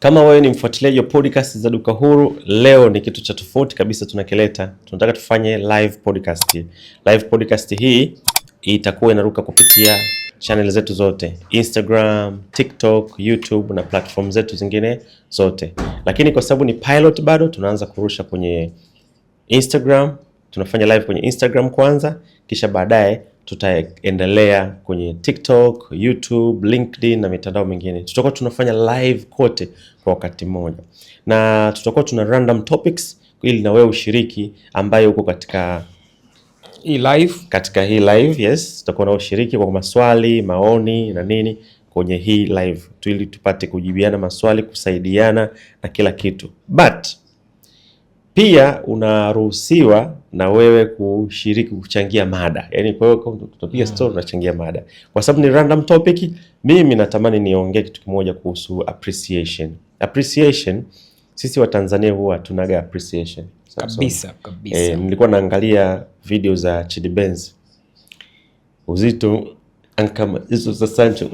Kama wewe ni mfuatiliaji wa podcast za Duka Huru, leo ni kitu cha tofauti kabisa tunakileta. Tunataka tufanye live podcast. Live podcast hii itakuwa inaruka kupitia channel zetu zote Instagram, TikTok, YouTube na platform zetu zingine zote, lakini kwa sababu ni pilot bado tunaanza kurusha kwenye Instagram. Tunafanya live kwenye Instagram kwanza, kisha baadaye tutaendelea kwenye TikTok, YouTube, LinkedIn na mitandao mingine. Tutakuwa tunafanya live kote kwa wakati mmoja, na tutakuwa tuna random topics ili na wewe ushiriki, ambaye uko katika hii live, katika hii live yes, tutakuwa na ushiriki kwa maswali, maoni na nini kwenye hii live, ili tupate kujibiana maswali, kusaidiana na kila kitu but pia unaruhusiwa na wewe kushiriki kuchangia mada, yani, kwa hiyo tutapiga mm. story, tunachangia mada kwa sababu ni random topic. Mimi natamani niongee kitu kimoja kuhusu appreciation. Appreciation sisi wa Tanzania huwa tunaga appreciation kabisa kabisa. E, nilikuwa naangalia video za Chidi Benz uzito ankama hizo za Sancho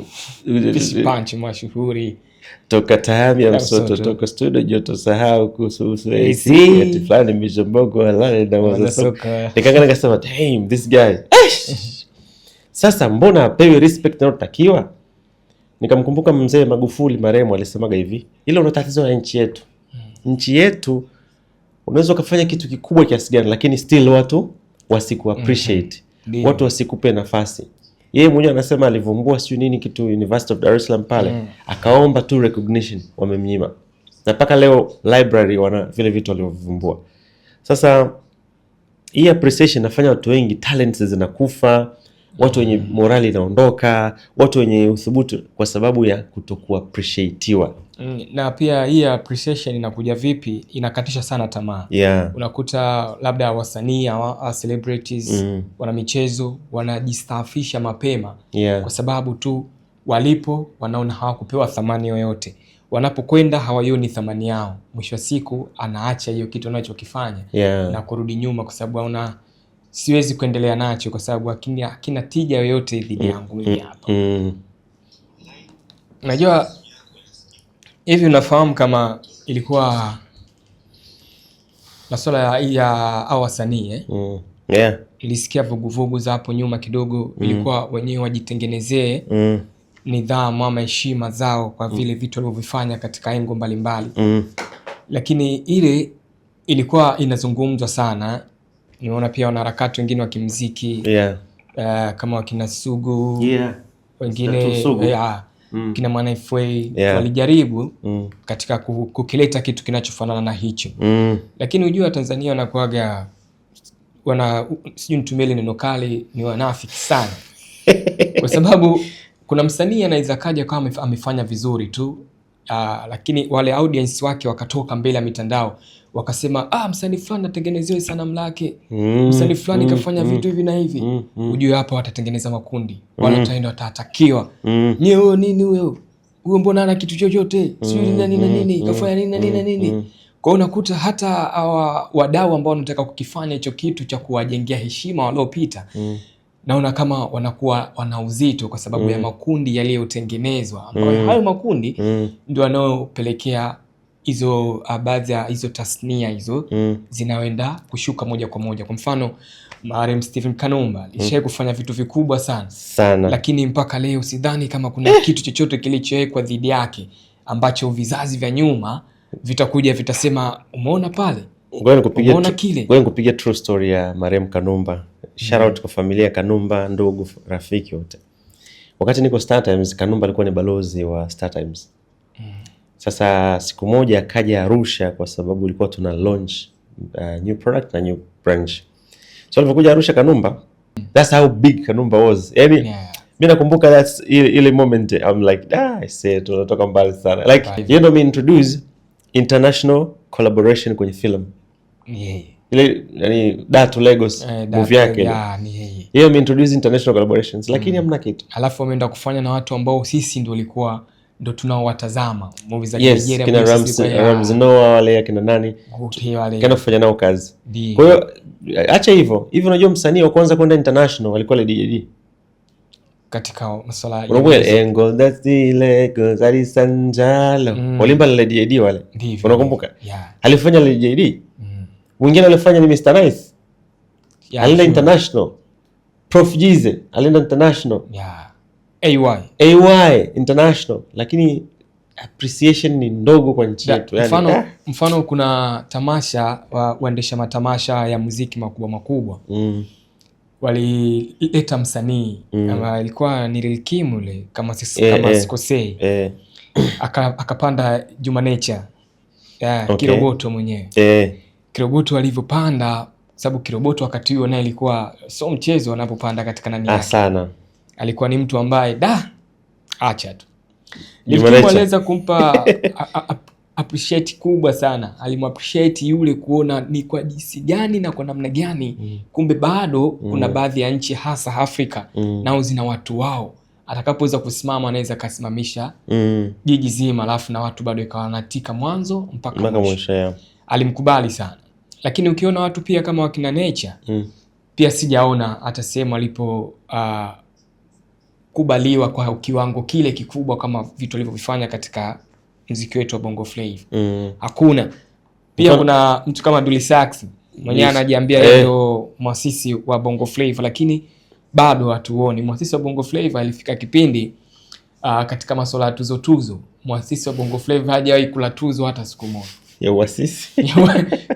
punch mashuhuri toka tahami ya msoto toka studio joto sahau kuhusu usuati fulani mishambongo walale na wazasoka. Nikakaa nikasema damn this guy sasa, mbona apewi respect inayotakiwa? Nikamkumbuka mzee Magufuli marehemu alisemaga hivi, hilo ndo tatizo la nchi yetu. Hmm. Nchi yetu unaweza ukafanya kitu kikubwa kiasi gani, lakini still watu wasiku hmm. appreciate, watu wasikupe nafasi yeye mwenyewe anasema alivumbua sio nini kitu University of Dar es Salaam pale mm. akaomba tu recognition, wamemnyima na mpaka leo library wana vile vitu walivyovumbua. Sasa hii appreciation nafanya watu wengi talents zinakufa watu wenye morali inaondoka, watu wenye uthubutu, kwa sababu ya kutokuwa appreciatiwa. Mm, na pia hii appreciation inakuja vipi? Inakatisha sana tamaa yeah. Unakuta labda wasanii au celebrities mm. wana michezo wanajistaafisha mapema yeah. kwa sababu tu walipo wanaona hawakupewa thamani yoyote wanapokwenda hawaioni thamani yao. Mwisho wa siku anaacha hiyo kitu anachokifanya yeah. na kurudi nyuma, kwa sababu aona siwezi kuendelea nacho kwa sababu hakina tija yoyote dhidi mm, yangu mimi mm, hapa. Mm. Najua hivi, unafahamu kama ilikuwa masuala ya au wasanii eh? mm. yeah. Ilisikia vuguvugu za hapo nyuma kidogo mm. Ilikuwa wenyewe wajitengenezee mm. nidhamu ama heshima zao kwa vile mm. vitu walivyofanya katika engo mbalimbali mm. Lakini ile ilikuwa inazungumzwa sana nimeona pia wanaharakati wengine wa kimziki yeah. Uh, kama wakina Sugu yeah. wengine mm. kina Mwana FA yeah. walijaribu mm. katika kukileta kitu kinachofanana na hicho mm. lakini ujua Watanzania wanakuaga wana sijui nitumie neno kali, ni wanafiki sana kwa sababu kuna msanii anaweza kaja kama amefanya vizuri tu Uh, lakini wale audience wake wakatoka mbele ya mitandao wakasema, ah, msanii fulani atengenezewe sanamu lake mm, msanii fulani mm, kafanya mm, vitu hivi na hivi mm, mm. Ujue hapa watatengeneza makundi mm, wale wataenda watatakiwa mm. Nyewe nini wewe huyo, mbona ana kitu chochote mm, sio nini na nini mm, nini mm. kafanya nini na nini nini. Kwa hiyo unakuta hata wadau ambao wanataka kukifanya hicho kitu cha kuwajengea heshima waliopita mm naona kama wanakuwa wana uzito kwa sababu mm. ya makundi yaliyotengenezwa ambayo mm. hayo makundi mm. ndio yanayopelekea hizo ah, baadhi ya hizo tasnia hizo mm. zinaenda kushuka moja kwa moja. Kwa mfano marem Stephen Kanumba alishai mm. kufanya vitu vikubwa sana sana, lakini mpaka leo sidhani kama kuna eh. kitu chochote kilichowekwa dhidi yake ambacho vizazi vya nyuma vitakuja vitasema umeona pale, ngoja nikupigia true story ya marem Kanumba shout out kwa familia Kanumba, ndugu, rafiki wote. Wakati niko Star Times, Kanumba alikuwa ni balozi wa Star Times. Mm. Sasa siku moja akaja Arusha kwa sababu ilikuwa tuna launch uh, new product na new branch. So alipokuja Arusha Kanumba, that's how big Kanumba was. Yaani yeah. Mimi nakumbuka that ile moment I'm like ah, I said tunatoka mbali sana. Like you know me introduce international collaboration kwenye film. Yeah ile yani Lagos eh, yake international collaborations lakini mm. hamna mm. kitu. Alafu ameenda kufanya na watu ambao sisi ndio walikuwa ndo tunaowatazama za yes, Nigeria kina wale nani kana kufanya nao kazi. Kwa hiyo acha hivyo hivi, unajua msanii wa kwanza kwenda international alikuwa Lady katika masuala ya mm. walimba Lady wale, unakumbuka? Alifanya Lady Mwingine alifanya ni Mr. Nice. Yeah, alienda International. Prof Jize alienda international. Yeah. AY. AY international, lakini appreciation ni ndogo kwa nchi yetu. Yani, Mfano, eh? mfano kuna tamasha wa waendesha matamasha ya muziki makubwa makubwa mm. walileta msanii mm. alikuwa ni Lil Kim yule kama eh, eh. sikosei eh, eh. akapanda Juma Nature yeah, okay. Kiroboto mwenyewe eh. Kiroboto alivyopanda, sababu Kiroboto wakati huo naye ilikuwa so mchezo anapopanda katika nani ah, yake. Sana. Alikuwa ni mtu ambaye da acha tu. Niliweza kumpa a, a, a, appreciate kubwa sana. Alimappreciate yule kuona ni kwa jinsi gani na kwa namna gani mm. Kumbe bado mm. kuna baadhi ya nchi hasa Afrika mm. nao zina watu wao atakapoweza kusimama anaweza akasimamisha mm. jiji zima, alafu na watu bado ikawa natika mwanzo mpaka mwisho. Alimkubali sana lakini ukiona watu pia kama wakina Nature mm. pia sijaona hata sehemu alipo uh, ah, kubaliwa kwa kiwango kile kikubwa kama vitu alivyovifanya katika mziki wetu wa Bongo Flava mm. hakuna pia Mkana. kuna mtu kama duli sax mwenyewe anajiambia yeye eh. ndio mwasisi wa Bongo Flava, lakini bado hatuoni mwasisi wa Bongo Flava. Alifika kipindi uh, katika masuala ya tuzo tuzo, mwasisi wa Bongo Flava hajawahi kula tuzo hata siku moja ya uasisi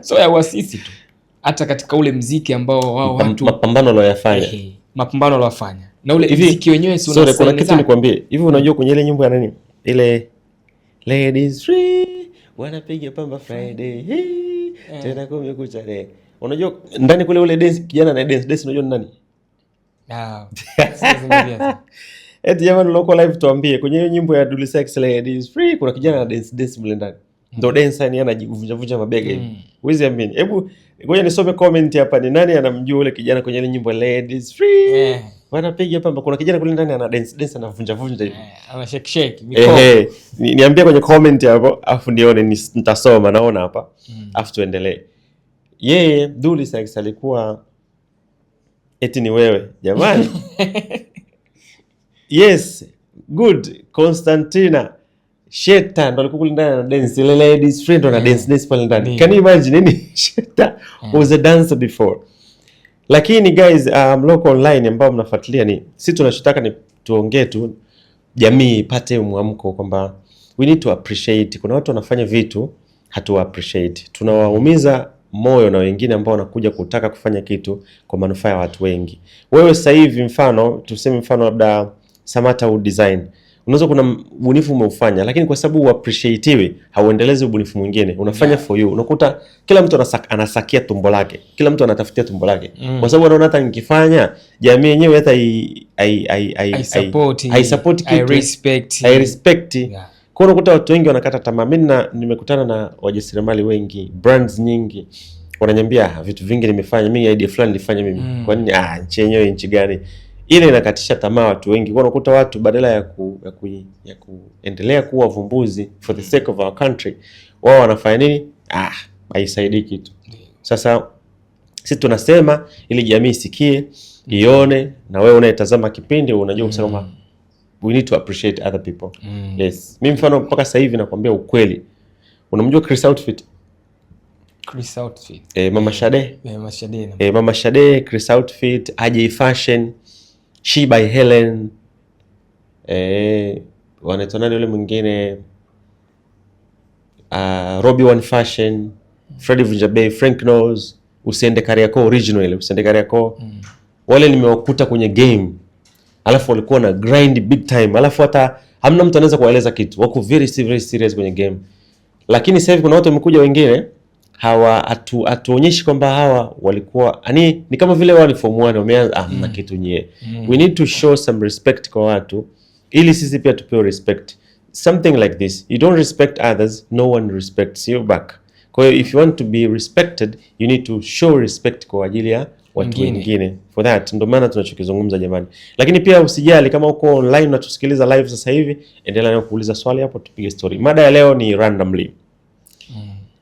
so ya uasisi tu, hata katika ule mziki ambao wao watu mapambano waliyofanya, mapambano waliyofanya na ule Ivi, mziki wenyewe, si una kuna kitu nikwambie hivi, unajua kwenye ile nyimbo ya nani ile ladies free wanapiga pamba Friday hey, yeah. tena kumekucha leo, unajua ndani kule ule dance kijana na dance dance, unajua ni nani? Ah, eti jamani, unakuwa live, tuambie kwenye hiyo nyimbo ya Dully Sykes ladies free, kuna kijana na dance dance mle ndani ndo mm-hmm. Densa yani anajivunjavunja mabega hivi. mm. Huwezi amini. Hebu ngoja nisome comment hapa, ni nani anamjua yule kijana kwenye ile nyimbo Ladies Free? yeah. Bana pegi hapa kuna kijana kule ndani ana dance dance anavunja vunja hivi. yeah. ana shake shake mikono. Eh, hey. ni, niambia kwenye comment hapo afu nione nitasoma naona hapa. Mm. Afu tuendelee. Yeye Dully Sykes alikuwa eti ni wewe jamani. Yes, good Constantina Sheta ndo alikuwa kulindana na dance ile ladies friend ndo na dance mm. dance pale ndani. Can you imagine yani Sheta mm. was a dancer before. Lakini guys, um, mloko online ambao mnafuatilia ni sisi tunachotaka ni tuongee tu jamii ipate mwamko kwamba we need to appreciate. Kuna watu wanafanya vitu hatuwa appreciate. Tunawaumiza moyo na wengine ambao wanakuja kutaka kufanya kitu kwa manufaa ya watu wengi. Wewe sasa hivi mfano tuseme mfano labda Samata Wood Design Mm unaweza kuna ubunifu umeufanya, lakini kwa sababu uappreciatiwe hauendelezi ubunifu mwingine, unafanya yeah. for you. Unakuta kila mtu anasak, anasakia tumbo lake, kila mtu anatafutia tumbo lake mm. kwa sababu anaona hata nikifanya jamii yenyewe hata i i i i support i support i respect i respect yeah. Kwa unakuta watu wengi wanakata tamaa. Mimi na nimekutana na wajasiriamali wengi, brands nyingi wananiambia ah, vitu vingi nimefanya mimi, idea fulani nilifanya mimi mm. kwa nini? Ah, nchi yenyewe nchi gani? ile inakatisha tamaa watu wengi. Kwa unakuta watu badala ya, ku, ya, ku, ya kuendelea kuwa wavumbuzi for the sake of our country, wao wanafanya nini? Ah, haisaidii kitu. Sasa sisi tunasema ili jamii isikie, ione, na wewe unayetazama kipindi unajua kusema mm. we need to appreciate other people. mm. Yes, mimi mfano mpaka sasa hivi nakwambia ukweli, unamjua Chris Outfit Chris Outfit. E, Mama Shade. Mama Shade. E, Mama Shade, Chris Outfit, AJ Fashion. She by Helen eh, wanaitwa nani yule mwingine uh, ah, Robbie One Fashion, Freddy Vunjabei, Frank Knows, usiende Kariakoo original ile usiende Kariakoo mm. Wale nimewakuta kwenye game, alafu walikuwa na grind big time, alafu hata hamna mtu anaweza kuwaeleza kitu, wako very very serious kwenye game, lakini sasa hivi kuna watu wamekuja wengine hawa atu, atuonyeshi kwamba hawa walikuwa ani, ni kama vile wao ni form 1 wameanza ah, mm. kitu nyie mm. we need to show some respect kwa watu ili sisi pia tupewe respect. Something like this, you don't respect others, no one respects you back. Kwa hiyo if you want to be respected you need to show respect kwa ajili ya watu wengine. For that ndio maana tunachokizungumza jamani, lakini pia usijali kama uko online unatusikiliza live sasa hivi, endelea na kuuliza swali hapo, tupige story. Mada ya leo ni randomly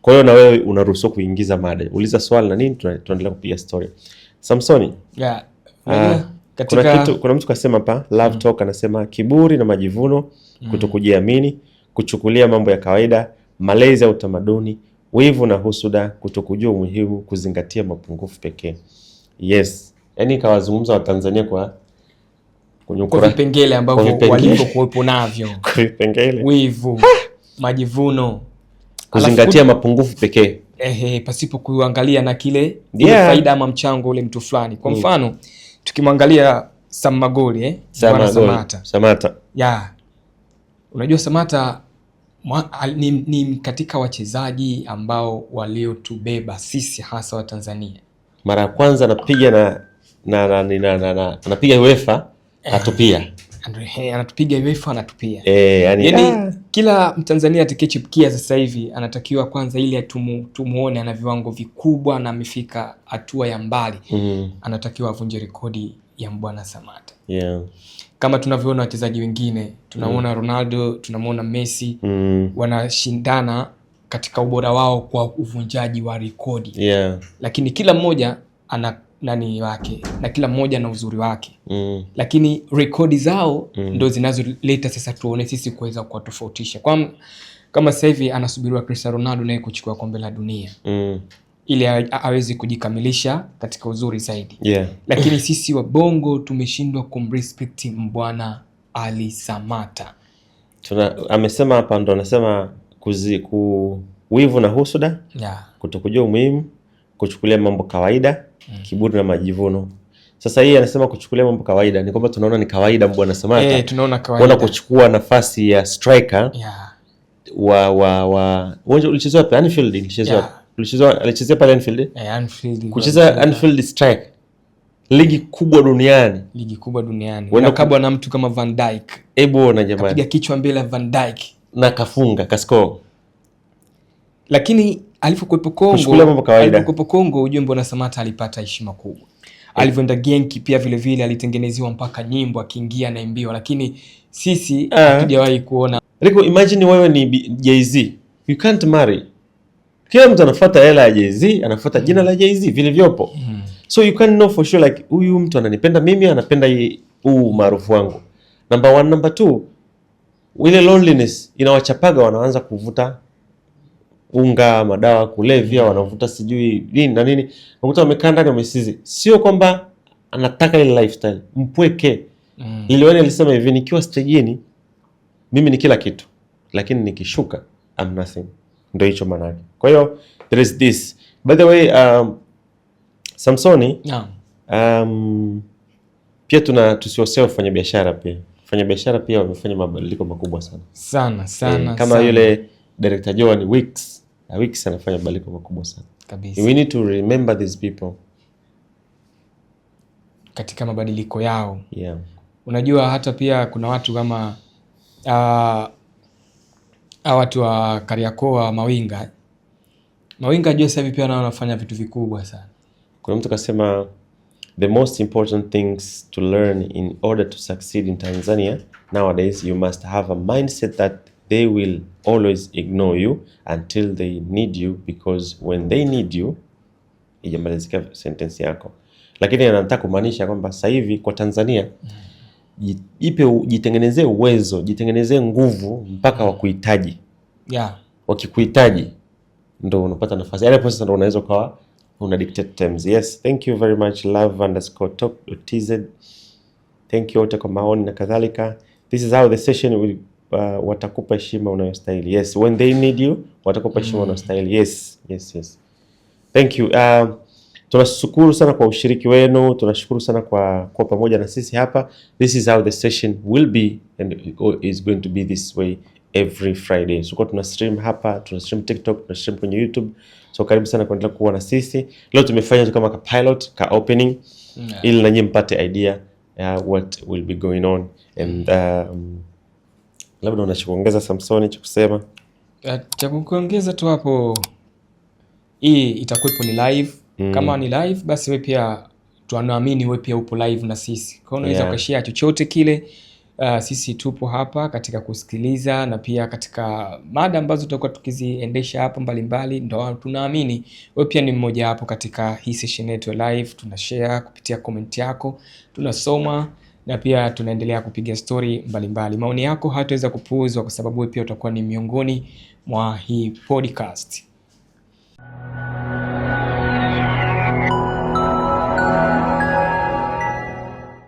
kwa hiyo na wewe unaruhusiwa kuingiza mada, uliza swali na nini, tunaendelea kupiga story. Samsoni, yeah. Uh, katika... kuna, kitu, kuna mtu kasema pa Love mm. Talk anasema kiburi na majivuno mm. kutokujiamini, kuchukulia mambo ya kawaida, malezi ya utamaduni, wivu na husuda, kutokujua umuhimu, kuzingatia mapungufu pekee. Yes, yani kawazungumza Watanzania kwa kwa vipengele ambavyo walivyokuwepo navyo, wivu, majivuno kuzingatia mapungufu pekee eh, pasipo kuangalia na kile yeah. faida ama mchango ule mtu fulani. Kwa mm. mfano mm. tukimwangalia Sam Magoli eh, Samata, Samata. Yeah. Unajua Samata mwa, ni, ni katika wachezaji ambao waliotubeba sisi hasa wa Tanzania. Mara ya kwanza anapiga na na na, na, na, na, na, na, na, na, na, na, Hey, anatupiga anatupia. Eh, yani, yani yeah. Kila Mtanzania atakayechipukia sasa hivi anatakiwa kwanza ili atumu, tumuone ana viwango vikubwa na amefika hatua ya mbali mm. Anatakiwa avunje rekodi ya Mbwana samata yeah. Kama tunavyoona wachezaji wengine tunamuona mm. Ronaldo tunamuona Messi mm. wanashindana katika ubora wao kwa uvunjaji wa rekodi yeah. Lakini kila mmoja ana nani wake na kila mmoja na uzuri wake mm. Lakini rekodi zao mm. ndo zinazoleta sasa tuone sisi kuweza kuwatofautisha kwa kama sasa hivi anasubiriwa Cristiano Ronaldo naye kuchukua kombe la dunia mm. ili aweze kujikamilisha katika uzuri zaidi yeah. Lakini sisi wabongo tumeshindwa kumrespect Mbwana Ali Samata. Tuna, amesema hapa ndo anasema kuzi ku na husuda yeah. Kutokujua umuhimu, kuchukulia mambo kawaida mm. kiburi na majivuno. Sasa hii anasema kuchukulia mambo kawaida, ni kwamba tunaona ni kawaida mbwa na Samatta hey, eh, tunaona kawaida kuchukua nafasi ya striker yeah. wa wa wa wewe ulichezea pale Anfield ulichezea yeah. ulichezea alichezea pale Anfield eh, Anfield kucheza Anfield strike ligi kubwa duniani, ligi kubwa duniani, na kabwa na mtu kama Van Dijk. Hebu ona jamani, kapiga kichwa mbele Van Dijk na kafunga kasko, lakini alipokuwepo Kongo, alipokuwepo Kongo, ujue Mbwana Samata alipata heshima kubwa yeah. alivyoenda Genki pia vile vile alitengenezewa mpaka nyimbo akiingia na naimbiwa, lakini sisi eh. hatujawahi kuona. Riko, imagine wewe ni Jay-Z, you can't marry. Kila mtu anafuata hela ya Jay-Z, anafuata jina mm. la Jay-Z vilivyopo, mm. so you can know for sure like huyu mtu ananipenda mimi, anapenda huu maarufu wangu. Number one, number two, ile loneliness inawachapaga wanaanza kuvuta unga, madawa kulevya, mm. wanavuta sijui nini na nini, unakuta wamekaa ndani wamesizi. Sio kwamba anataka ile lifestyle, mpweke mm. Iliwani alisema hivi, nikiwa stejini mimi ni kila kitu, lakini nikishuka I'm nothing. Ndio hicho maana yake. Kwa hiyo there is this by the way um, Samsoni yeah. um, pia tuna tusiosea ufanya biashara pia fanya biashara pia wamefanya mabadiliko makubwa sana sana sana, e, kama sana. yule Director Joa ni Wicks na Wicks anafanya mabadiliko makubwa sana kabisa. We need to remember these people katika mabadiliko yao yeah. Unajua hata pia kuna watu kama uh, watu wa Kariakoa Mawinga Mawinga jua sasa hivi pia nao wanafanya vitu vikubwa sana. Kuna mtu kasema the most important things to learn in order to succeed in Tanzania nowadays you must have a mindset that they will always ignore you until they need you because when they need you. Ijamalizika sentensi yako, lakini anataka kumaanisha kwamba sasa hivi kwa Tanzania jipe, jitengenezee uwezo, jitengenezee nguvu mpaka wakuhitaji, yeah. Wakikuhitaji ndo unapata nafasi, yaani hapo sasa ndo unaweza ukawa una dictate terms. Yes, thank you very much love underscore talk tz, thank you wote kwa maoni na kadhalika. This is how the session will uh, watakupa heshima unayostahili. Yes, when they need you watakupa heshima mm. unayostahili. Yes, yes, yes. Thank you. Uh, tunashukuru sana kwa ushiriki wenu, tunashukuru sana kwa kwa pamoja na sisi hapa. This is how the session will be and is going to be this way every Friday. So tuna stream hapa, tuna stream TikTok, tuna stream kwenye YouTube. So karibu sana kuendelea kuwa na sisi. Leo tumefanya kama ka pilot, ka opening yeah. ili nanyi mpate idea uh, what will be going on and um, labda unachokuongeza Samsoni cha kusema cha kuongeza tu hapo. Hii itakuwepo ni live mm. Kama ni live, basi wewe pia tunaamini wewe pia upo live na sisi, kwa hiyo unaweza yeah. ukashare chochote kile. Uh, sisi tupo hapa katika kusikiliza na pia katika mada ambazo tutakuwa tukiziendesha hapo mbalimbali, ndo tunaamini wewe pia ni mmoja hapo katika hii session yetu live. Tunashare kupitia comment yako, tunasoma na pia tunaendelea kupiga stori mbalimbali. Maoni yako hataweza kupuuzwa, kwa sababu pia utakuwa ni miongoni mwa hii podcast.